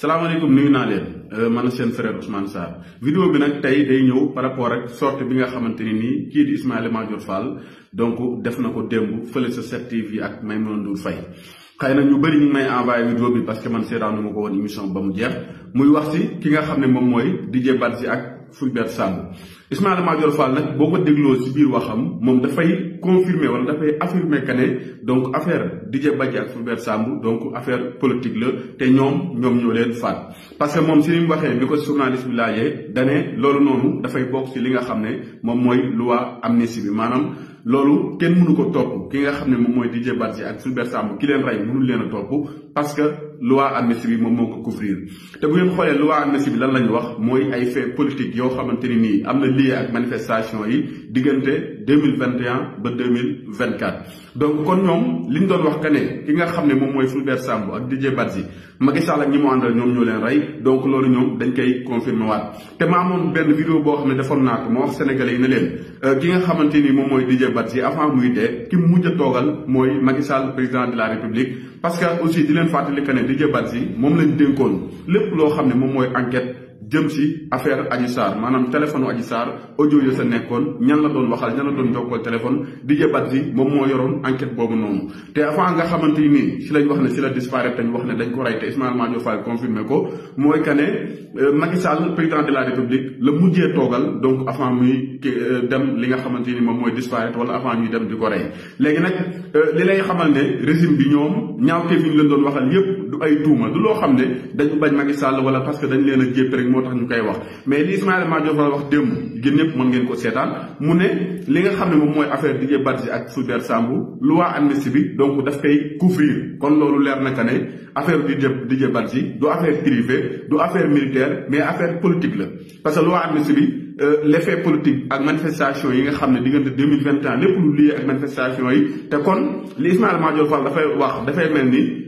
salaamaaleykum nuyu naa leen. Euh, man seen frère Ousmane Sarr vidéo bi nag tey day ñëw par rapport ak sortie bi nga xamante ni nii kii di Ismaïla Madior Fall donc def na ko démb fële sa 7TV ak Maimouna Ndour Faye xëy na ñu bëri ñu ngi may envoyé bi parce que man seetaanu ma ko woon émission ba mu jeex muy wax ci ki nga xam ne moom mooy Didier si ak Fulbert Sambou Ismaïla Madior Fall nag boo ko dégloo ci biir waxam moom dafay confirmer wala dafay affirmer que ne donc affaire Didier Badji ak Fulbert Sambou donc affaire politique la te ñoom ñoom ñoo bi mu waxee bi ko journaliste bi danee loolu noonu dafay bokk ci li nga xam ne moom mooy am amnistie bi maanaam loolu kenn mënu ko topp ki nga xam ne moom mooy Didier Badji ak Fulbert Sambou ki leen rey mënul leen a topp parce que loi amnistie bi moom moo ko couvrir te bu ngeen xoolee loi amnistie bi lan la ñu wax mooy ay fait politique yoo xamante ni nii am na lien ak manifestation yi diggante 2021 ba 2024 donc kon ñoom li ñu doon wax que ne ki nga xam ne moom mooy Fulbert Sambou ak Didier Badji Macky Sall ak ñi mu àndal ñoom ñoo leen rey donc loolu ñoom dañ koy confirmer waat te ma amoon benn vidéo boo xam ne defoon naa ko ma wax sénégalais yi ne leen euh, ki nga xamante ni moom mooy Didier Badji avant muy dee ki mujj a toogal mooy Macky Sall président de la République parce aussi di leen fàttali que ne Didier Badji moom lañ dénkoon lépp loo xam ne moom mooy enquête Jemsi ci affaire Adji Sarr maanaam téléphone u Adji audio yo sa nekkoon ñan la doon waxal ñan la doon jokkool téléphone Didier Badji mom mo yoron enquête bobu non té avant nga xamanteni ni si lañ wax ne si la disparaître tañ wax ne dañ ko rey te Ismaïla Madior Fall confirmer ko moy kané euh, Macky Sall président de la République le mujjé togal donc avant muy euh, dem li nga xamanteni mom moy disparaître wala avant ñuy dem diko ray légui nak nag euh, li lay xamal ne régime bi ñom ñaaw kee fi ñu leen doon waxal yépp du ay tuuma du lo xamné dañu bañ Macky Sall wala parce que dañ leena a rek moo ñukay wax mais li Ismaïla Madior Fall wax dem yéen ñep mën ngeen ko seetaan mu ne li nga xam ne moy affaire Didier Badji ak souder Sambou loi administrative, bi donc daf couvrir kon lolu leer na ka affaire Didier Didier Badji do affaire privée do affaire militaire mais affaire politique la parce que loi administrative, bi euh, l'effet politique ak manifestation yi nga xam ne diggante 2021 lépp lu lié ak manifestation yi te kon li Madior Fall dafay wax dafay mel ni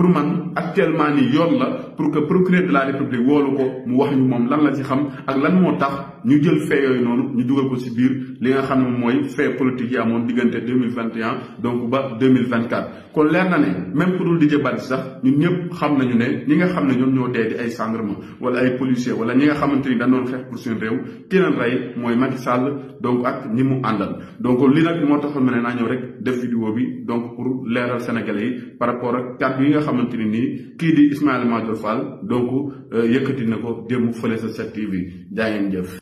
pour man actuellement ni yoon la pour que procureur de la république woolu ko mu wax ñu moom lan la ci xam ak lan moo tax ñu jël fee yooyu noonu ñu dugal ko ci biir li nga xam ne mooy fee politique yi amoon diggante deux mille vingt et un donc ba deux mille vingt quatre. kon leer na ne même ku dul di jëbbaati sax ñun ñëpp xam nañu ne ñi nga xam ne ñoom ñoo dee di ay gendarme wala ay policier wala ñi nga xamante ni dañ doon xeex pour suñu réew keneen rey mooy Macky Sall donc ak ñi mu àndal donc li nag moo taxoon ma ne naa ñëw xamante ni nii kii di Ismaïla Madior Fall donc euh, yëkkati na ko démb fële sa 7TV jëf.